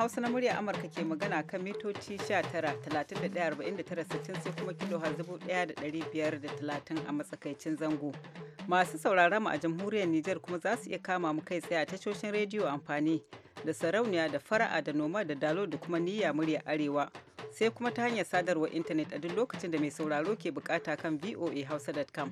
Hausa na murya Amurka ke magana kan mitoci 19,31,49,60 sai kuma kilo har 1,530 a matsakaicin zango. Masu sauraron mu a jamhuriyar Nijar kuma za su iya kama mu kai tsaye a tashoshin rediyo amfani da sarauniya da fara'a da noma da dalo da kuma niyya murya arewa. Sai kuma ta hanyar sadarwar intanet a duk lokacin da mai sauraro ke bukata kan voahausa.com.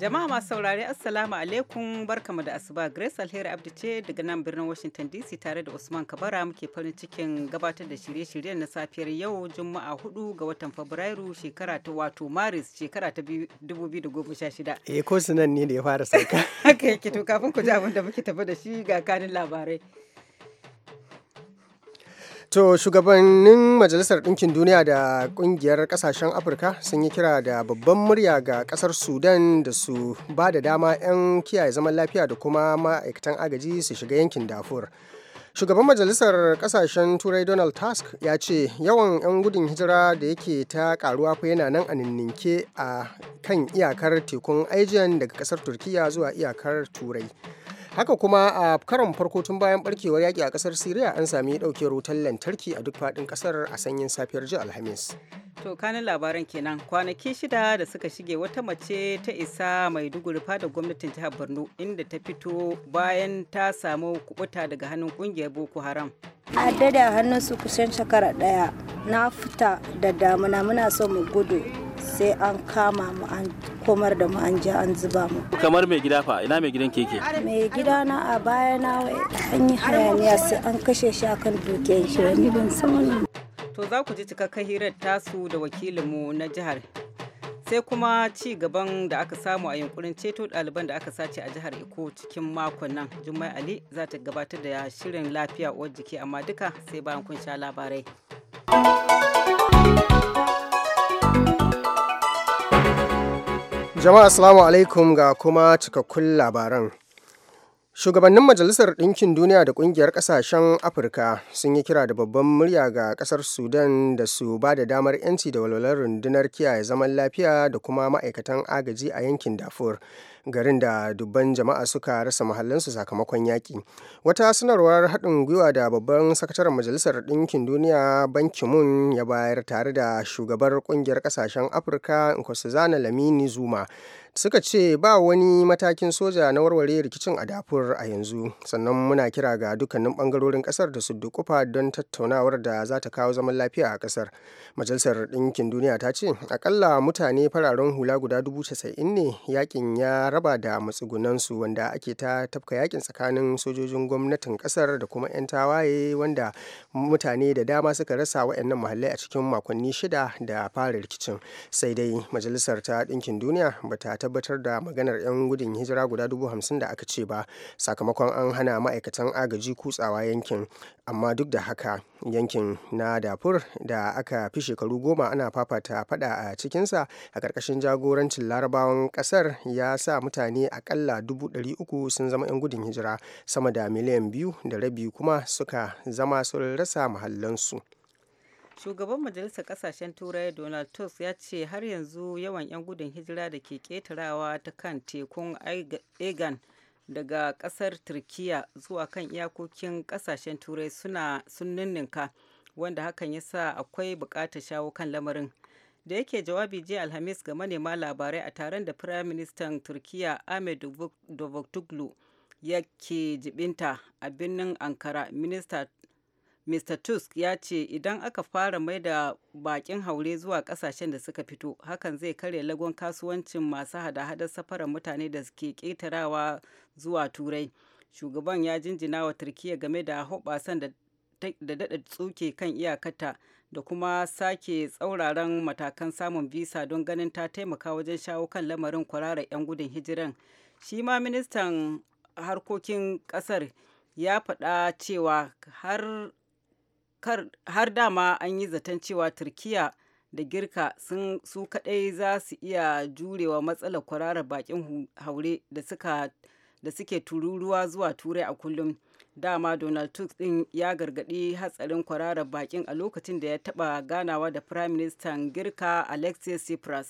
Jama'a masu saurari Assalamu alaikum barkamu da asuba Grace Alheri Abdi ce daga nan birnin Washington DC tare da Usman Kabara muke farin cikin gabatar da shirye-shiryen na safiyar yau Juma'a hudu ga watan Fabrairu shekara ta wato Maris shekara ta 2016. Eh ko sunan ne da ya fara sauka. Haka yake to kafin ku ji abin da muke tafi da shi ga kanin labarai. To shugabannin Majalisar Ɗinkin Duniya da ƙungiyar ƙasashen Afirka sun yi kira da babban murya ga ƙasar Sudan da su ba da dama 'yan kiyaye zaman lafiya da kuma ma'aikatan agaji su shiga yankin Darfur. shugaban majalisar ƙasashen turai donald tusk ya ce yawan 'yan gudun hijira da yake ta ƙaruwa fa yana nan a ninninke a kan iyakar tekun aegean daga ƙasar Turkiyya zuwa iyakar turai haka kuma a karon farko tun bayan barkewar yaki a ƙasar syria an sami ɗauke wutar lantarki a duk faɗin ƙasar a sanyin safiyar ji alhamis to kanin labaran kenan kwanaki shida da suka shige wata mace ta isa mai dugurfa da gwamnatin jihar borno inda ta fito bayan ta samu kubuta daga hannun ƙungiyar boko haram a dada su kusan shekara ɗaya na fita da damuna muna so mu gudu sai an kama mu an komar da mu an ji an zuba mu. Kamar mai gida fa ina mai gidan keke? Mai gida na a baya na an yi hayaniya sai an kashe shi akan dukiyar shi wani ban san To za ku ji cikakken hirar tasu da wakilinmu na jihar sai kuma ci gaban da aka samu a yunkurin ceto ɗaliban da aka sace a jihar iko cikin makon nan jummai ali za ta gabatar da shirin lafiya uwar jiki amma duka sai bayan kun sha labarai jama'a assalamu alaikum ga kuma cikakkun labaran Shugabannin Majalisar Ɗinkin Duniya da Ƙungiyar Ƙasashen Afirka sun yi kira da babban murya ga ƙasar Sudan da su ba da damar 'yanci da walwalar rundunar kiyaye zaman lafiya da kuma ma'aikatan agaji a yankin dafur garin da dubban jama'a suka rasa mahallinsu sakamakon yaƙi wata sanarwar haɗin gwiwa da babban sakataren majalisar ɗinkin duniya ban kimun ya bayar tare da shugabar ƙungiyar ƙasashen afirka nkosazana lamini zuma suka ce ba wani matakin soja na warware rikicin a dafur a yanzu sannan muna kira ga dukkanin bangarorin kasar da su dukufa don tattaunawar da za ta kawo zaman lafiya a kasar majalisar ɗinkin duniya ta ce akalla mutane fararen hula guda dubu casa'in ne yakin ya raba da matsugunan su wanda ake ta tafka yakin tsakanin sojojin gwamnatin kasar da kuma 'yan tawaye wanda mutane da dama suka rasa wayannan muhallai a cikin makonni shida da fara rikicin sai dai majalisar ta ɗinkin duniya ba ta tabbatar da maganar 'yan gudun hijira guda dubu da aka ce ba sakamakon an hana ma'aikatan agaji kutsawa yankin amma duk da haka yankin na dafur da aka fi shekaru goma ana fafata fada a cikinsa a karkashin jagorancin larabawan ƙasar ya sa mutane akalla dubu ɗari uku sun zama 'yan gudun hijira sama da miliyan biyu da rabi kuma suka zama sun rasa mahallansu. shugaban majalisar kasashen turai donald tusk ya ce har yanzu yawan 'yan gudun hijira da ke ketarawa ta kan tekun aegean daga kasar turkiya zuwa kan iyakokin kasashen turai suna sun ninninka wanda hakan ya sa akwai bukatar shawo kan lamarin da yake jawabi jiya alhamis ga manema labarai a taron da firaministan turkiya ahmed dovoktuglu yake jibinta a birnin ankara minista Mr. Tusk ya ce idan aka fara mai da bakin haure zuwa kasashen da suka fito, hakan zai karya lagon kasuwancin masu hada-hadar safarar mutane da ke ƙetarawa zuwa Turai. Shugaban ya jinjina wa Turkiyya game da hoɓasan da daɗa tsuke kan iyakata da kuma sake tsauraran matakan samun visa don ganin ta taimaka wajen shawo kan lamarin kwararar 'yan gudun hijiran. Shi ma ministan harkokin ƙasar ya faɗa cewa har har dama an yi zaton cewa turkiya da girka sun su kadai za su iya jurewa matsalar kwararar bakin haure da suke tururuwa zuwa turai a kullum dama donald tusk din ya gargadi hatsarin kwararar bakin a lokacin da ya taba ganawa da prime minister girka alexis tsipras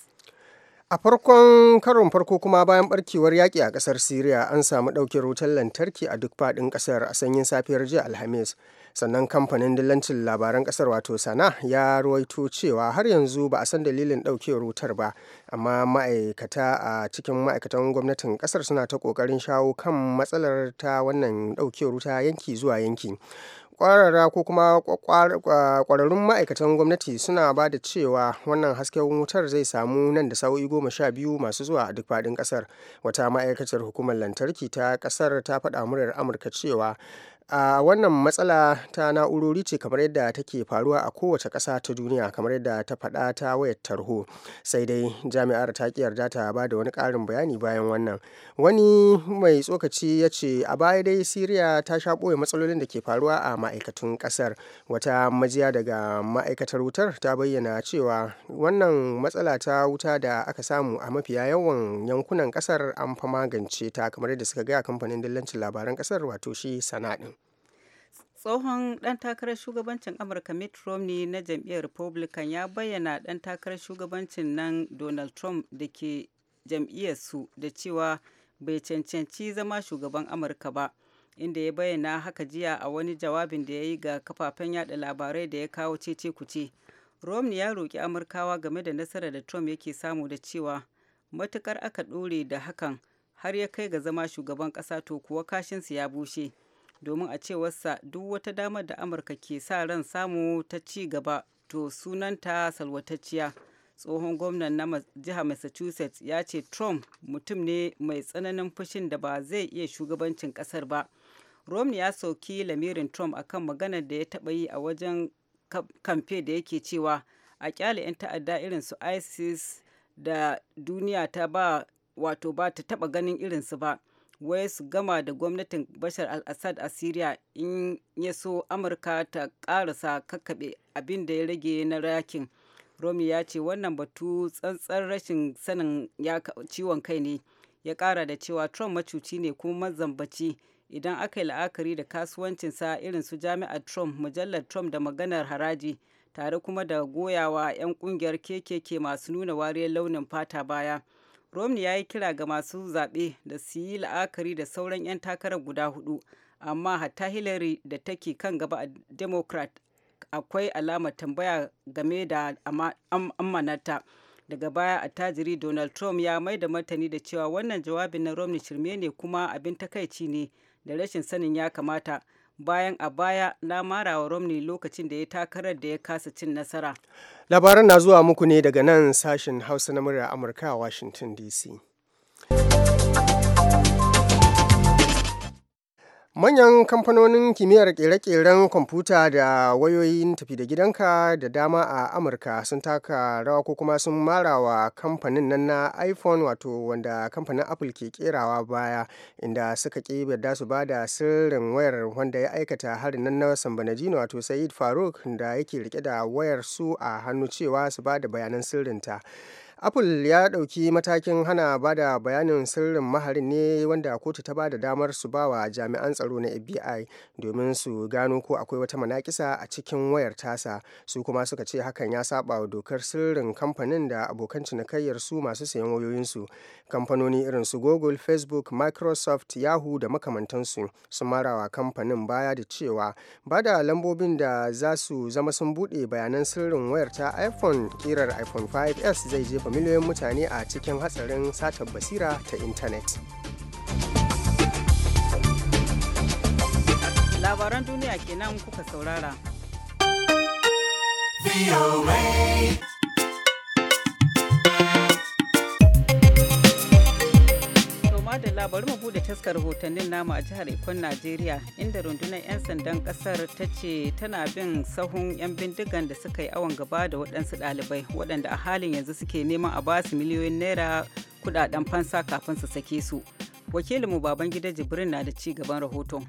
a farkon karon farko kuma bayan barkewar yaƙi a ƙasar syria an samu ɗauke wutar lantarki a duk faɗin ƙasar a sanyin safiyar jiya alhamis sannan kamfanin dillancin labaran kasar wato sana ya ruwaito cewa har yanzu ba a san dalilin daukewar wutar ba amma ma'aikata a cikin ma'aikatan gwamnatin kasar suna ta kokarin shawo kan matsalar ta wannan daukewar wuta yanki zuwa yanki kwarara ko kuma kwararrun ma'aikatan gwamnati suna ba da cewa wannan hasken wutar zai samu nan da sa'o'i goma sha biyu masu zuwa a duk faɗin ƙasar wata ma'aikatar hukumar lantarki ta ƙasar ta faɗa muryar amurka cewa a wannan matsala ta na'urori ce kamar yadda take faruwa a kowace ƙasa ta duniya kamar yadda ta faɗa ta wayar tarho sai dai jami'ar ta ki yarda ta ba da wani ƙarin bayani bayan wannan wani mai tsokaci ya ce a baya dai siriya ta sha ɓoye matsalolin da ke faruwa a ma'aikatun ƙasar wata majiya daga ma'aikatar wutar ta bayyana cewa wannan matsala ta wuta da aka samu a mafiya yawan yankunan ƙasar an fa magance ta kamar yadda suka gaya kamfanin dillancin labaran ƙasar wato shi sana'a tsohon ɗan takarar shugabancin amurka mitt romney na jam'iyyar republican ya bayyana ɗan takarar shugabancin nan donald trump da ke jam'iyyarsu da cewa bai cancanci zama shugaban amurka ba inda ya bayyana haka jiya a wani jawabin da ya yi ga kafafen yada labarai da ya kawo cece kuce romney ya roki amurkawa game da nasarar da trump yake samu da cewa matukar aka ɗore da hakan har ya kai ga zama shugaban ƙasa to kuwa kashinsu ya bushe domin a cewarsa duk wata damar da amurka ke sa ran samu ta ci gaba to sunanta salwatacciya tsohon gwamnan na jihar massachusetts ya ce trump mutum ne mai tsananin fushin da ba zai iya shugabancin kasar ba romney ya sauki lamirin trump akan maganar da ya taba yi a wajen kamfe da yake cewa a kyale 'yan ta'adda irin su isis da duniya ta ba wato ba ta taba ganin irinsu ba wai su gama da gwamnatin bashar al-assad a syria in ya so amurka ta karasa kakkaɓe abin da ya rage na rakin romi ya ce wannan batu tsantsar rashin sanin ciwon kai ne ya kara da cewa trump macuci ne kuma mazambaci idan aka yi la'akari da kasuwancinsa irin su jami'ar trump mujallar trump da maganar haraji tare kuma da goyawa 'yan kungiyar kekeke masu nuna wariyar launin fata baya romney ya yi kira ga masu zaɓe da su yi la'akari da sauran 'yan takarar guda hudu amma hatta hillary da take kan gaba a democrat akwai alamar tambaya game da amanata daga baya attajiri donald trump ya mai da martani da cewa wannan jawabin na romney shirme ne kuma abin takaici ne da rashin sanin ya kamata bayan a baya na marawa romney lokacin da ya takarar da ya kasa cin nasara labaran na zuwa muku ne daga nan sashen hausa na murya amurka a washington dc manyan kamfanonin kimiyyar ƙere-ƙeren kwamfuta da wayoyin tafi da gidanka da dama a amurka sun taka rawa ko kuma sun mara wa kamfanin nan na iphone wato wanda kamfanin apple ke kerawa baya inda suka ƙi yarda su ba da sirrin wayar wanda ya aikata harin nan na sambanajino wato said faruk da yake rike da wayar su a hannu cewa su ba da bayanan sirrinta apple ya ɗauki matakin hana ba da bayanin sirrin maharin ne wanda kotu ta ba da damar su ba wa jami'an tsaro na fbi domin su gano ko akwai wata manakisa a cikin wayar tasa su kuma suka ce hakan ya saba wa dokar sirrin kamfanin da abokan cinikayyar su masu sayan wayoyinsu kamfanoni irin su google facebook microsoft yahoo da makamantansu sun marawa kamfanin baya da cewa ba da lambobin da za su zama sun buɗe bayanan sirrin wayar ta iphone kirar iphone 5s zai je jefa miliyoyin mutane a cikin hatsarin satar basira ta intanet labaran duniya kenan kuka saurara madalla bari mu bude taskar rahotannin namu a jihar Ikon Najeriya inda rundunar 'yan sandan kasar ta ce tana bin sahun 'yan bindigan da suka yi awon gaba da waɗansu ɗalibai waɗanda a halin yanzu suke neman a basu miliyoyin naira kudaden fansa kafin su sake su. wakilin mu baban Babangida Jibrin na da ci gaban rahoton.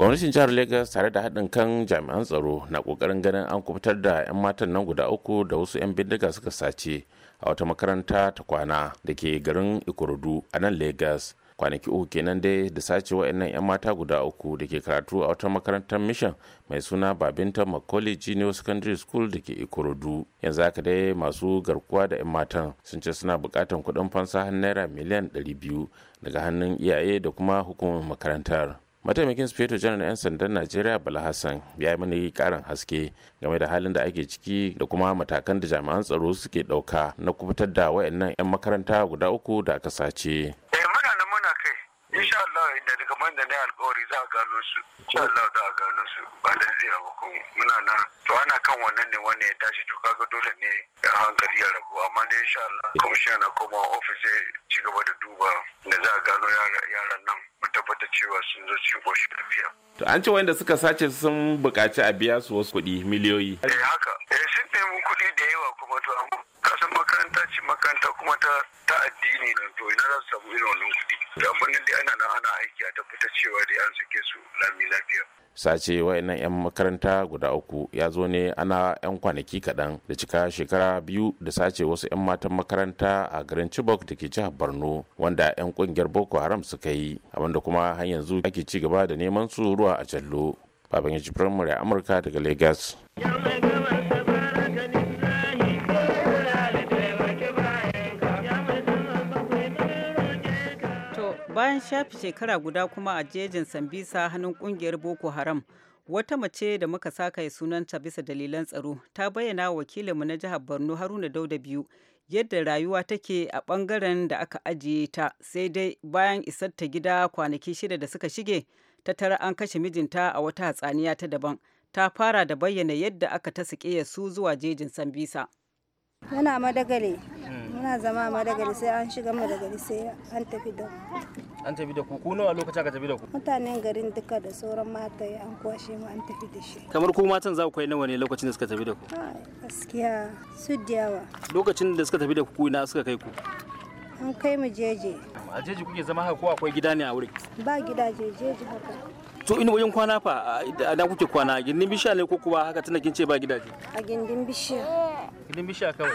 gwamnatin jihar lagos tare da haɗin kan jami'an tsaro na ƙoƙarin ganin an kubutar da 'yan matan nan guda uku da wasu 'yan bindiga suka sace a wata makaranta ta kwana da ke garin ikorodu a nan lagos kwanaki uku kenan dai da sace wa'annan 'yan mata guda uku da ke karatu a wata makarantar mission mai suna babinta macaulay junior secondary school da ke ikorodu yanzu haka dai masu garkuwa da 'yan matan sun ce suna bukatan kudin fansa naira miliyan 200 daga hannun iyaye da kuma hukumar makarantar mataimakin sufeto janar 'yan sandan najeriya bala hassan ya yi mani karin haske game da halin da ake ciki da kuma matakan da jami'an tsaro suke ɗauka na kubutar da wayannan 'yan makaranta guda uku da aka sace. Eh, nan da daga man da na alƙawari za a gano su insha Allah za a gano su ba da zai ba kuma muna na. to ana kan wannan ne wannan ya tashi to kaga dole ne a hankali ya rabu amma dai insha Allah kwamishinan na koma ofis ya ci gaba da duba da za a gano yaran nan mu tabbata cewa sun zo cikin koshin lafiya. To an ce wanda suka sace sun buƙaci a biya su wasu kuɗi miliyoyi. Eh haka eh sun nemi kuɗi da yawa kuma to amma kasan makaranta ce makaranta kuma ta ta addini to ina za su samu irin wannan kuɗi. Da amma dai ana nan ana aiki a tabbata cewa dai an sake su lami lafiya sace wayannan 'yan makaranta guda uku ya zo ne ana 'yan kwanaki kaɗan da cika shekara biyu da sace wasu 'yan matan makaranta a garin chibok da ke jihar borno wanda 'yan kungiyar boko haram suka yi abinda kuma har yanzu ake ci gaba da neman su ruwa a jallo baban ya ci firamare amurka daga lagos bayan shafi shekara guda kuma a jejin sambisa hannun kungiyar boko haram wata mace da muka saka ya sunanta bisa dalilan tsaro ta bayyana wakilinmu na jihar borno haruna dauda biyu yadda rayuwa take a bangaren da aka ajiye ta sai dai bayan isar ta gida kwanaki shida da suka shige ta tara an kashe mijinta a wata hatsaniya ta daban ta fara da bayyana yadda aka ta su zuwa jejin sambisa yana madagale muna zama a madagari sai an shiga madagari sai an tafi da ku. an tafi da ku ku nawa lokacin aka tafi da ku mutanen garin duka da sauran mata an kwashe mu an tafi da shi kamar ku matan za ku kai nawa ne lokacin da suka tafi da ku gaskiya su diyawa lokacin da suka tafi da ku ina suka kai ku an kai mu jeje a jeji kuke zama haka ko akwai gida ne a wurin ba gidaje jeji haka to ina wajen kwana fa a kuke kwana gindin bishiya ne ko kuwa haka tana kin ce ba gidaje a gindin bishiya Gidin bishiya kawai.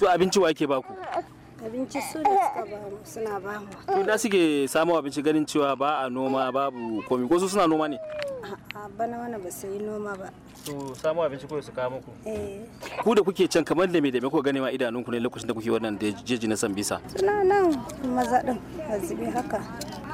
To abinci wa yake ba ku? Abinci su da suka ba mu suna ba mu. To da suke samu abinci ganin cewa ba a noma babu komi ko su suna noma ne? A'a bana wani ba su yi noma ba. To samu abinci kawai su kawo muku. Eh. Ku da kuke can kamar da me da me kuka gane ma idanunku ne lokacin da kuke wannan jeji na san bisa. Suna nan maza din azubi haka.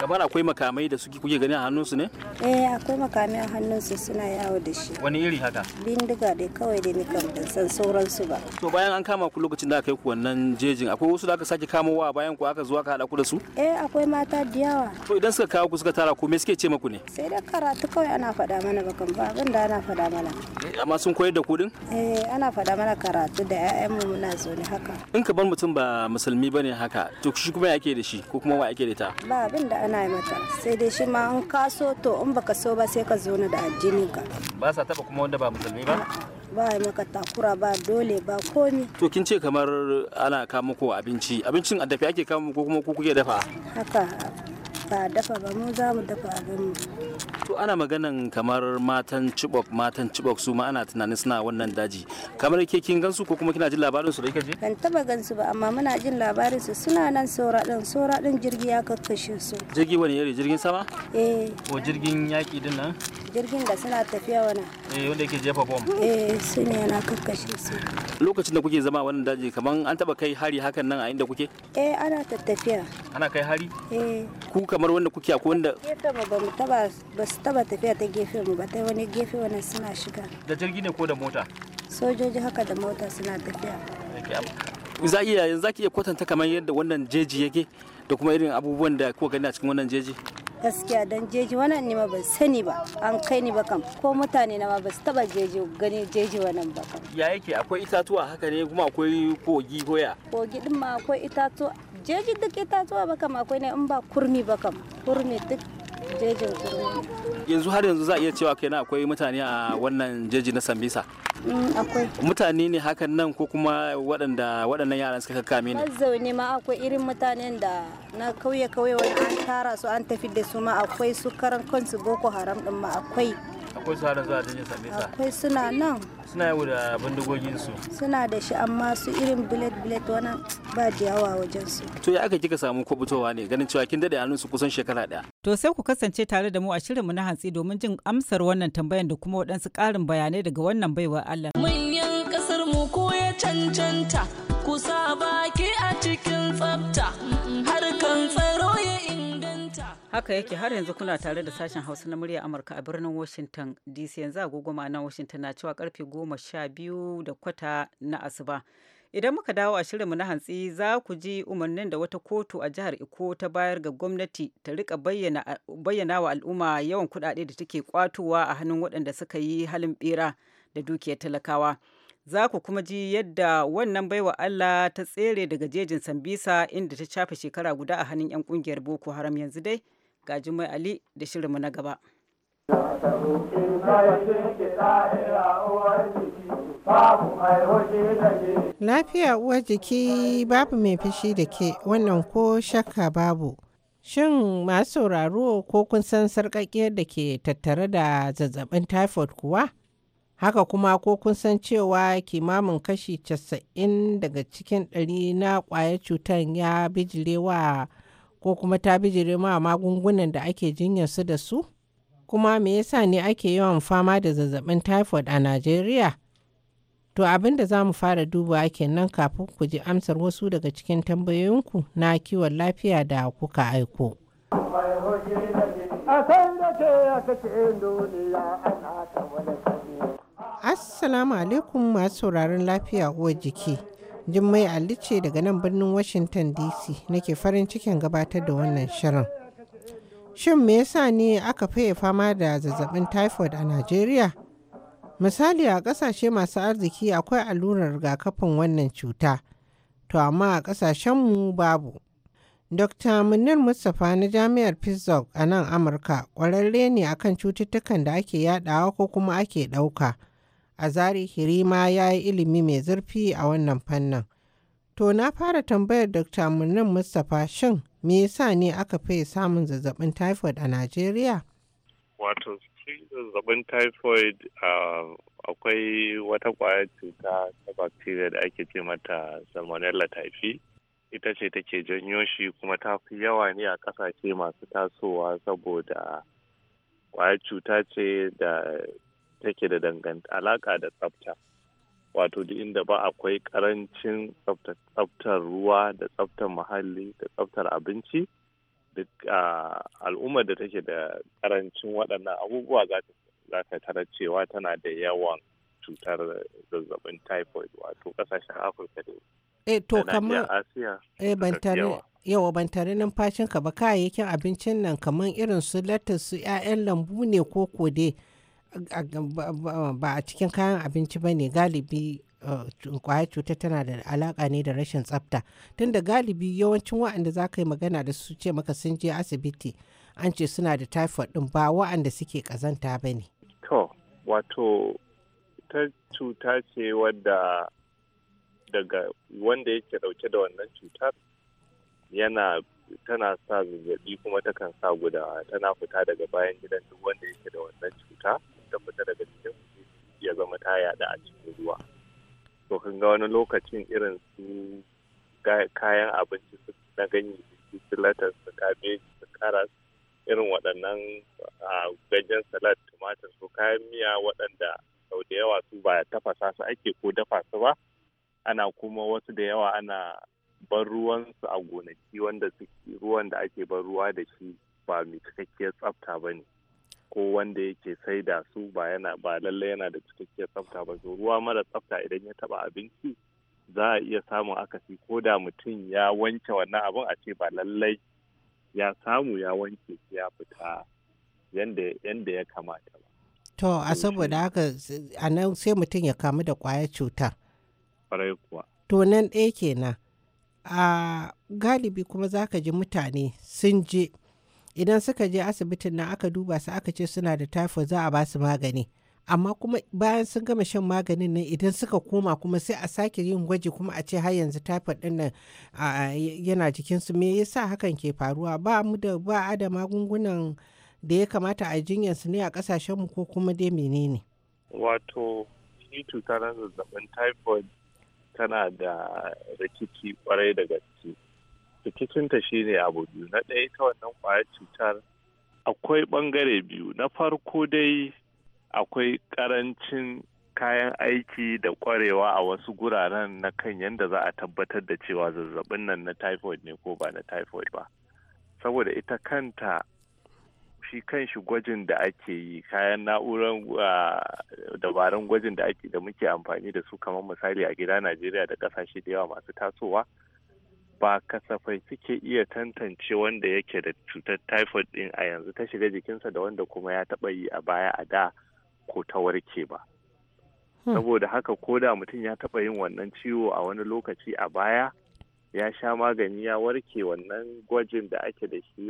kamar akwai makamai da suke kuke gani a su ne eh akwai makamai a hannun su suna yawo da shi wani iri haka bindiga dai kawai da ni kam ban san su ba to bayan an kama ku lokacin da aka yi ku wannan jejin akwai wasu da aka sake kamowa bayan ku aka zuwa ka hada ku da su eh akwai mata da yawa to idan suka kawo ku suka tara ku me suke ce maku ne sai da karatu kawai ana faɗa mana bakan ba abin da ana faɗa mana eh, amma sun koyar da ku din eh ana faɗa mana karatu da ƴaƴanmu muna zaune ne haka in ka bar mutum ba musulmi bane haka to shi kuma yake da shi ko kuma wa yake da ta ba abin da ana yi mata sai dai shi ma in kaso to in baka so ba sai ka zo da addinin ka ba sa taba kuma wanda ba musulmi ba ba yi maka takura ba dole ba komi to kin ce kamar ana kama ko abinci abincin a dafe ake kama ko kuma ku kuke dafa haka ba dafa ba mu za mu dafa abin mu to ana maganan kamar matan cibok matan cibok su ma ana tunanin suna wannan daji kamar ke kin gansu ko kuma kina jin labarin su da kika ban taba gansu ba amma muna jin labarin su suna nan saura din saura din jirgi ya kakkashe su jirgi wani yare jirgin sama eh ko jirgin yaki din nan jirgin da suna tafiya wana eh wanda yake jefa bom eh su ne na kakkashe su lokacin da kuke zama wannan daji kaman an taba kai hari hakan nan a inda kuke eh ana tattafiya ana kai hari eh ku kamar wanda kuke ko wanda gefe mu ba mu taba ba su taba tafiya ta gefe mu ba ta wani gefe wannan suna shiga da jirgi ne ko da mota sojoji haka da mota suna tafiya za iya yanzu za ki iya kwatanta kamar yadda wannan jeji yake da kuma irin abubuwan da kuka gani a cikin wannan jeji gaskiya don jeji wannan ne ma ban sani ba an kai ni ba kam ko mutane na ma ba su taba jeji gani jeji wannan ba kam ya yake akwai itatuwa haka ne kuma akwai kogi hoya kogi din ma akwai itatuwa jeji duk itatuwa ba kam akwai ne in ba kurmi ba kam kurmi duk jejin yanzu har yanzu za a iya cewa kai na akwai mutane a wannan jeji na sambisa mm, akwai mutane ne hakan nan ko kuma waɗannan yaran suka kame ne zaune ma akwai irin mutanen da na kauye kauye wani an tara su an tafi da su ma akwai su karan kansu boko haram din ma akwai akwai su harin zuwa nesa nesa. akwai suna nan suna yau da bindigogin suna da shi amma su irin bullet bullet wani ba da yawa wajen su to ya aka kika samu ko ne ganin cewa kin dade hannun su kusan shekara daya to sai ku kasance tare da mu a shirinmu na hantsi domin jin amsar wannan tambayan da kuma waɗansu ƙarin bayanai daga wannan baiwar Allah manyan kasar mu ko ya cancanta kusa baki a cikin tsafta harkan tsaro haka yake har yanzu kuna tare da sashen hausa na murya amurka a birnin washington dc yanzu agogo ma'ana washington na cewa karfe goma sha biyu da kwata na asuba idan muka dawo a shirinmu na hantsi za ku ji umarnin da wata kotu a jihar iko ta bayar ga gwamnati ta rika bayyana wa al'umma yawan kuɗaɗe da take kwatowa a hannun waɗanda suka yi halin bera da dukiyar talakawa za ku kuma ji yadda wannan baiwa Allah ta tsere daga jejin Sambisa inda ta shafe shekara guda a hannun 'yan kungiyar Boko Haram yanzu dai ga Ali da shirinmu na gaba. Lafiya uwar jiki babu mai fushi da ke wannan ko shakka babu. Shin masu sauraro ko kun san sarƙaƙiyar da ke tattare da zazzabin typhoid kuwa? Haka kuma ko kun san cewa kimamin kashi 90 daga cikin ɗari na ƙwayar cutar ya wa ko kuma ta bijire ma magungunan da ake jinyar su da su? Kuma me yasa ne ake yawan fama da zazzabin typhoid a Najeriya? To abin da za mu fara dubawa kenan kafin ku ji amsar wasu daga cikin tambayoyinku na kiwon lafiya da kuka aiko. Assalamu alaikum masu sauraron lafiya uwar jiki. Jummai Ali ce daga nan birnin Washington DC nake farin cikin gabatar da wannan shirin. Shin me yasa ne aka faye fama da zazzabin typhoid a Najeriya? Misali a ƙasashe masu arziki akwai allurar rigakafin wannan cuta, to amma a ƙasashenmu babu. Dr. Munir Mustapha na Jami'ar Pittsburgh a nan Amurka ƙwararre ne akan cututtukan da ake yadawa ko kuma ake ɗauka. a zari hirima ya yi ilimi mai zurfi a wannan fannin to na fara tambayar dr Murnan mustapha shin me yasa ne aka fi samun zazzabin typhoid a najeriya wato zazzabin typhoid akwai wata ƙwayar cuta ta bacteria da ake ce mata salmonella typhi ita ce take janyo shi kuma ta fi yawa ne a ƙasashe masu tasowa saboda ƙwayar cuta ce da take da alaka da tsafta wato duk inda ba akwai karancin tsaftar ruwa da tsaftar muhalli da tsaftar abinci duk al'ummar da take da karancin waɗannan abubuwa za ka tara cewa tana da yawan cutar zazzabin typhoid wato ƙasashen afirka da e to kamar e ban tare yawa ban tare numfashinka ba kayayyakin abincin nan kamar irin su latas su 'ya'yan lambu ne ko kode ba a cikin kayan abinci ba ne galibi uh, kwayar cutar tana da alaka ne da rashin tsafta tunda galibi yawancin wa'anda za ka yi magana da su ce maka sun je asibiti an ce suna da typhoid din ba wa'anda suke kazanta ba ne. To, wato ta cuta ce wadda daga wanda yake dauke da wannan cutar yana tana sa zazzabi kuma takan sa gudawa tana fita daga bayan gidan duk wanda yake da wannan cuta. ta fita daga cikin ya zama ta yaɗa a cikin ruwa to kan ga wani lokacin irin su kayan abinci na ganye su latas su kabeji su karas irin waɗannan gajen salad tumatir su kayan miya waɗanda sau da yawa su ba tafasa su ake ko dafa su ba ana kuma wasu da yawa ana bar ruwansu a gonaki wanda ruwan da ake bar ruwa da shi ba mai cikakkiyar tsafta ba ne ko wanda yake sai da su ba yana ba lallai yana da cikakkiyar tsafta ba to ruwa mara tsafta idan ya taba abinci za a iya samun akasi ko da mutum ya wanke wannan abin a ce ba lallai ya samu ya wanke ya fita yanda ya kamata ba to a saboda haka a nan sai mutum ya kamu da kwayar cuta kwarai kuwa to nan ɗaya kenan a galibi kuma za ka ji mutane sun je idan suka je asibitin nan aka duba su aka ce suna da typhoid za a ba su magani amma kuma bayan sun gama shan maganin nan idan suka koma kuma sai a sake yin gwaji kuma a ce har yanzu typhoid din nan yana jikin su me yasa hakan ke faruwa ba mu da ba a da magungunan da ya kamata a jinyar su ne a kasashen mu ko kuma dai menene wato shi cutar zazzabin typhoid tana da rikici kwarai da gaske rikicinta ne abu biyu na ɗaya ta wannan ƙwayar cutar akwai ɓangare biyu na farko dai akwai ƙarancin kayan aiki da ƙwarewa a wasu guraren na kan yadda za a tabbatar da cewa zazzabin nan na typhoid ne ko ba na typhoid ba saboda ita kanta shi kan shi gwajin da ake yi kayan na'urar ah, dabarun gwajin da ake da muke amfani da su kamar misali a gida najeriya da kasashe da yawa masu tasowa ba kasafai suke iya tantance wanda yake da cutar typhoid din a yanzu ta shiga jikinsa da wanda kuma ya taba yi a baya a da ko ta warke ba. Hmm. Saboda haka ko da mutum ya taba yin wannan ciwo a wani lokaci a baya ya sha magani ya warke wannan gwajin da ake da shi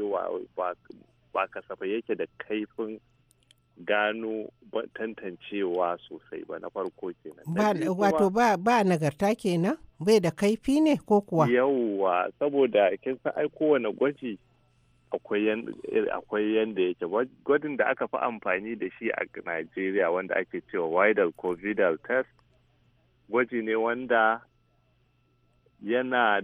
ba kasafai yake da kaifin gano tantancewa sosai ba na farko kenan. Wato ba, ba nagarta kenan? Bai da kaifi ne ko kuwa? Yawwa saboda kin san ai kowane gwaji akwai yanda yake gwajin da aka fi amfani da shi a Najeriya wanda ake cewa widal covidal test gwaji ne wanda yana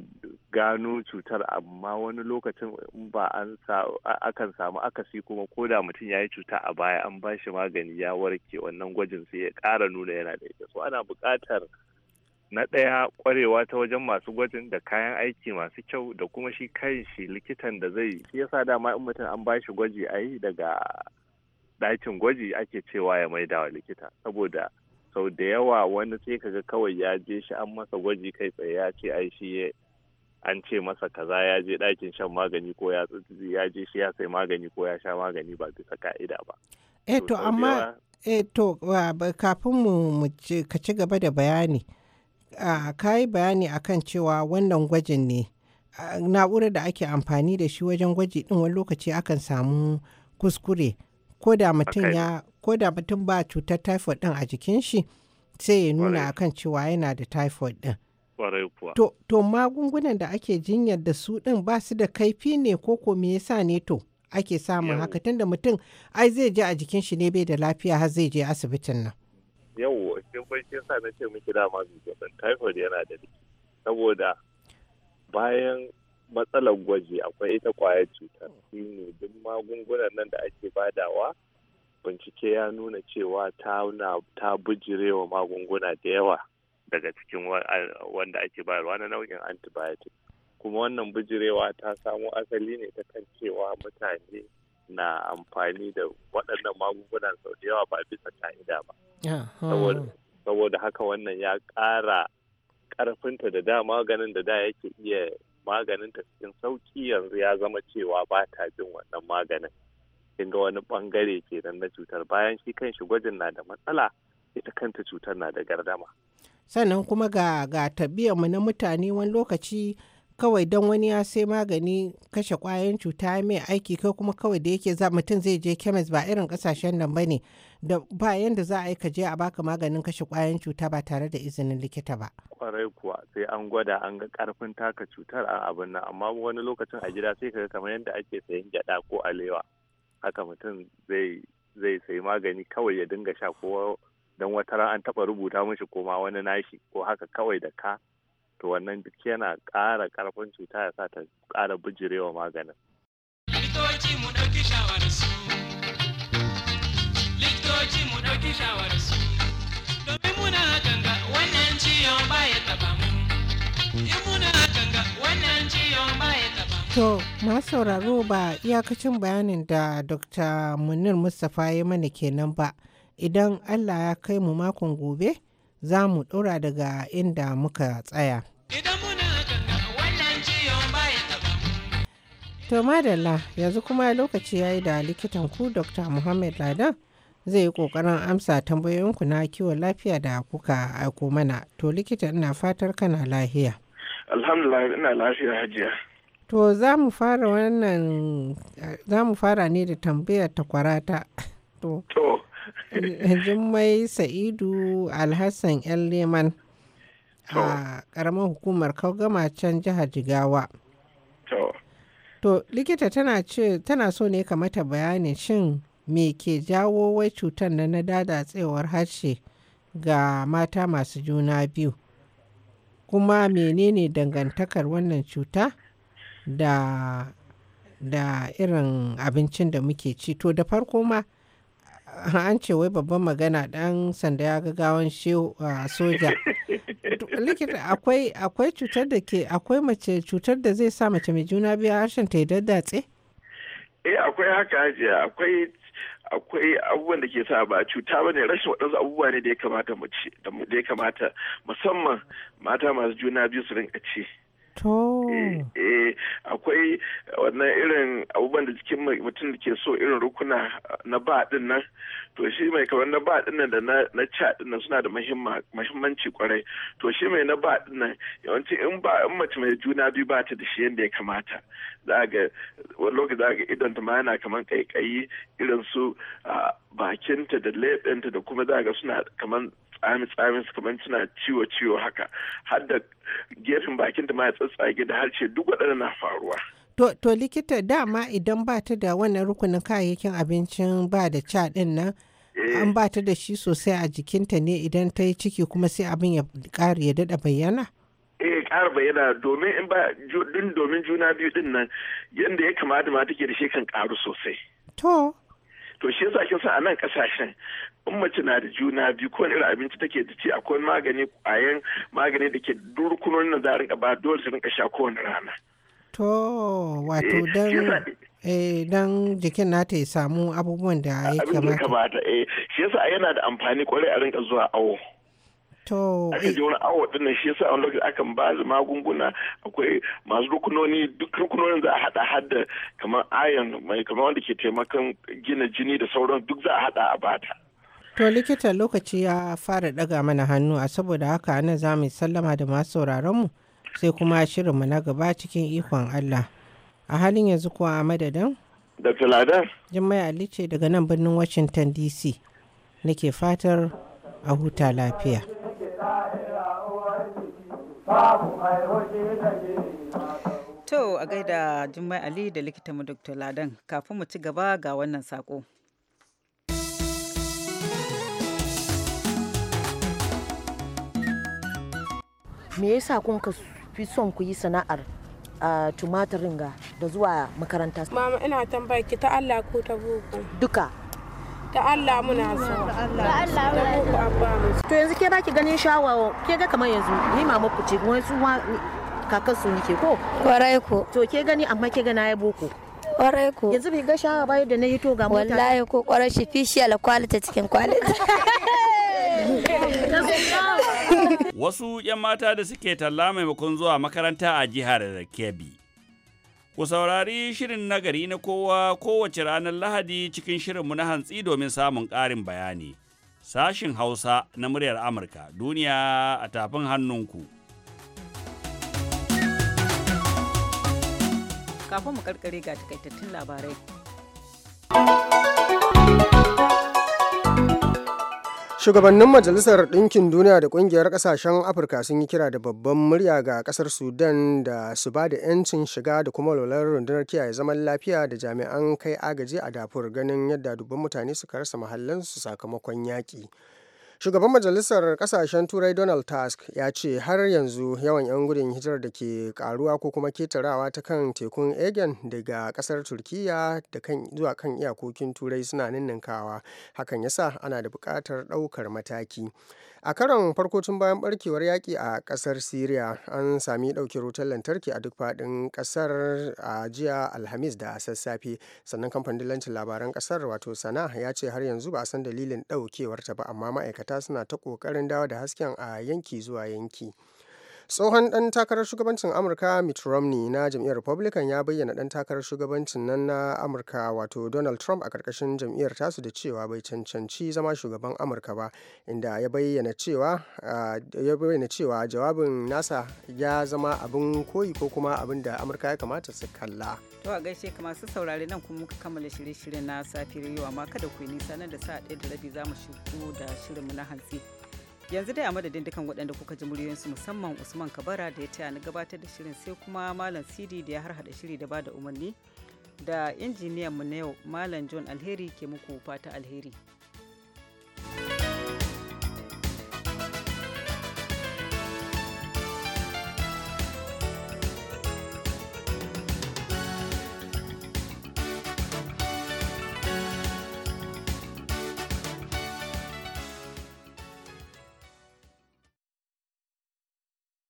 gano cutar amma wani lokacin ba an akan samu akasi kuma ko da mutum ya yi cuta a baya an ba shi magani ya warke wannan gwajin sai ya ƙara nuna yana da ita so ana buƙatar na ɗaya ƙwarewa ta wajen masu gwajin da kayan aiki masu kyau da kuma shi kan shi likitan da zai shi yasa dama in mutum an ba shi gwaji a yi daga ɗakin gwaji ake cewa ya maida wa likita saboda sau da yawa wani sai kaga kawai ya je shi an masa gwaji kai tsaye ya ce ai shi an ce masa kaza ya je ɗakin shan magani ko ya ya je shi ya sai magani ko ya sha magani ba bisa ka'ida ba. eto eh, to amma eh, kafin mu ka ci gaba da bayani ka yi bayani akan cewa wannan gwajin ne na'urar da ake amfani da shi wajen gwaji din wani lokaci akan samu kuskure ko da mutum ya ko da mutum ba cutar typhoid din a jikin shi sai ya nuna akan cewa yana da typhoid din to, to magungunan da ake jinyar da su din ba su da kaifi ne ko ko me yasa ne to ake samun haka tunda mutum ai zai je a jikin shi ne bai da lafiya har zai je asibitin nan yau kin bai shi sa na ce miki dama zuwa typhoid yana da saboda bayan matsalar gwaji akwai ita kwayar cutar shine duk magungunan nan da ake badawa bincike ya nuna cewa ta bijirewa magunguna da yawa daga cikin wanda ake bayarwa na nau'in antibiotic kuma wannan bijirewa ta samo asali ne ta kan cewa mutane na amfani da waɗannan magungunan sau da yawa ba bisa ka'ida ba ah, saboda haka wannan ya ƙara ƙarfinta da dama ganin da da yake iya maganin ta cikin sauki yanzu ya zama cewa ba ta jin wannan maganin kin ga wani bangare kenan na cutar bayan shi kanshi gwajin na da matsala ita kanta cutar na da gardama sannan kuma ga ga mu na mutane wani lokaci kawai don wani ya sai magani kashe kwayoyin cuta mai aiki ko kuma kawai da yake za mutum zai je kemis ba irin kasashen nan ne da ba yanda za a yi je a baka maganin kashe kwayan cuta ba tare da izinin likita ba kwarai kuwa sai an gwada an ga karfin taka cutar a abin nan amma wani lokacin a gida sai kaga kamar yadda ake sayan gyada ko alewa haka mutum zai zai sayi magani kawai ya dinga sha ko don wata ran an taba rubuta mishi koma wani nashi ko haka kawai da ka to wannan duk yana ƙara ƙarfin cuta ya sa ta ƙara bijirewa maganin. Likitoci mu ɗauki shawararsu. Likitoci mu ɗauki shawararsu. Domin muna ganga wannan ciyon ba ya taɓa mu. In muna ganga wannan ciyon ba ya taɓa mu. To, masu sauraro ba iyakacin bayanin da Dr. Munir Mustapha ya mana kenan ba. Idan Allah ya kai mu makon gobe, za mu ɗora daga inda muka tsaya. To madalla yanzu kuma lokaci ya yi da likitan ku Dr. Muhammad Ladan zai yi ƙoƙarin amsa tambayoyinku na kiwon lafiya da kuka aiko mana. To likita ina fatar kana lahiya. Alhamdulillah ina lafiya hajiya. To za mu fara wannan za mu fara ne da tambayar takwarata. To. To. Eh, Jummai Sa'idu Alhassan ‘yan Leman a ƙaramin hukumar Kaugama can jihar Jigawa. To, likita tana ce tana so ne ka mata bayanin shin me ke jawo wai cutar na na dadatsewar harshe ga mata masu juna biyu. Kuma menene dangantakar wannan cuta da da irin abincin da muke ci to da farko ma an ce wai babban magana dan sanda ya ga gawan shehu soja likita akwai akwai cutar da ke akwai mace cutar da zai sa mace mai juna biyu harshen ta daddatse eh akwai haka hajiya akwai akwai abubuwan da ke sa ba cuta ba ne rashin waɗansu abubuwa ne da ya kamata mace da ya kamata musamman mata masu juna biyu su rinka ci To. Eh, eh, akwai wannan irin abubuwan da jikin mutum da ke so irin rukuna na ba din nan. To shi mai kamar na ba din nan da na ca din nan suna da mahimmanci kwarai. To shi mai na ba din nan yawanci in ba in mace mai juna biyu ba ta da shi yadda ya kamata. Za ga wani lokaci za ga idon ta ma yana kamar kaikayi irin su ah, bakinta da leɓenta da kuma za ga suna kamar tsami tsami kamar suna ciwo ciwo haka har da gefen bakin da ma ya tsatsage da harshe duk waɗanda na faruwa to, likita dama idan ba ta da wannan rukunin kayayyakin abincin ba da ca ɗin nan eh. an ba ta da shi sosai a jikinta ne idan ta yi ciki kuma sai abin ya ƙara ya daɗa bayyana eh ƙara bayyana domin in ba domin juna biyu ɗin nan yadda ya kamata ma take da shi kan ƙaru sosai to to shi yasa kin san a nan kasashen in mace na da juna biyu ko irin abinci take da ci akwai magani kwayan magani da ke durkunon na za a rinka ba dole su rinka sha kowane rana to wato dan eh dan eh, jikin nata ya samu abubuwan da ya kamata eh shi yasa yana da amfani kwarai a rinka zuwa awo aka je wani awa din shi yasa wani lokaci akan ba su magunguna akwai masu rukunoni duk rukunonin za a hada hada kamar ayon mai kamar wanda ke taimakon gina jini da sauran duk za a hada a bata To likita lokaci ya fara ɗaga mana hannu a saboda haka ana za mu sallama da masu mu sai kuma shirin mu na gaba cikin ikon Allah. A halin yanzu kuwa a madadin? Dr. Lada. Jummai Ali ce daga nan birnin Washington DC. Nake fatar a huta lafiya. To a gaida Jummai Ali da likitanmu Dr. Ladan kafin mu ci gaba ga wannan sako. Me yasa kun ka fi son ku yi sana'ar tumatirin ga da zuwa makaranta? Mama ina tambaya ki ta Allah ko ta boko. Duka. da Allah muna so da Allah muna abba to yanzu ke ba ki ganin shawawa ke ga kamar yanzu ni mama ku ce wani su kakan su nike ko kwarai ko to ke gani amma ke ga ya boko kwarai ko yanzu bai ga shawawa bayan da na hito ga mutane wallahi ko kwarai shi fishiyal quality cikin quality Wasu 'yan mata da suke talla maimakon zuwa makaranta a jihar Kebbi Ku saurari shirin nagari na kowa kowace ranar Lahadi cikin shirinmu na hantsi domin samun ƙarin bayani. Sashin Hausa na muryar Amurka, duniya a tafin hannunku. Kafin mu karkare ga takaitattun labarai. shugabannin majalisar ɗinkin duniya da ƙungiyar ƙasashen afirka sun yi kira da babban murya ga ƙasar sudan da su ba da 'yancin shiga da kuma lolar rundunar kiyaye zaman lafiya da jami'an kai agaji a dafur ganin yadda dubban mutane suka rasa mahallansu sakamakon yaƙi Shugaban Majalisar kasashen Turai Donald Tusk ya ce har yanzu yawan 'yan gudun hijirar da ke karuwa ko kuma ketarawa ta kan tekun Egen daga kasar Turkiyya da kan zuwa kan iyakokin Turai suna ninninkawa. Hakan yasa ana da buƙatar ɗaukar mataki. a karon farko tun bayan barkewar yaƙi a ƙasar syria an sami ɗauki wutar lantarki a duk faɗin ƙasar a jiya alhamis da sassafe sannan kamfanin lancin labaran ƙasar wato sana ya ce har yanzu ba a san dalilin ɗaukewar ba amma ma'aikata suna ta ƙoƙarin dawo da hasken a yanki zuwa yanki tsohon dan takarar shugabancin amurka mitt romney na jam'iyyar republican ya bayyana dan takarar shugabancin nan na amurka wato donald trump a karkashin jam'iyyar tasu da cewa bai cancanci zama shugaban amurka ba inda ya bayyana cewa jawabin nasa ya zama abin koyi ko kuma abin da amurka ya kamata su kalla to a gaishe ka masu saurare nan kuma muka kammala shirye-shiryen na safiyar yau amma kada ku yi nisa nan da sa'a ɗaya da rabi za mu shigo da shirinmu na hantsi yanzu dai a madadin dukan waɗanda kuka ji muryoyinsu musamman usman kabara da ya taya na gabatar da shirin sai kuma malam sidi da ya harhaɗa shiri da bada umarni da injiniyan mu na yau malam john alheri ke muku fata alheri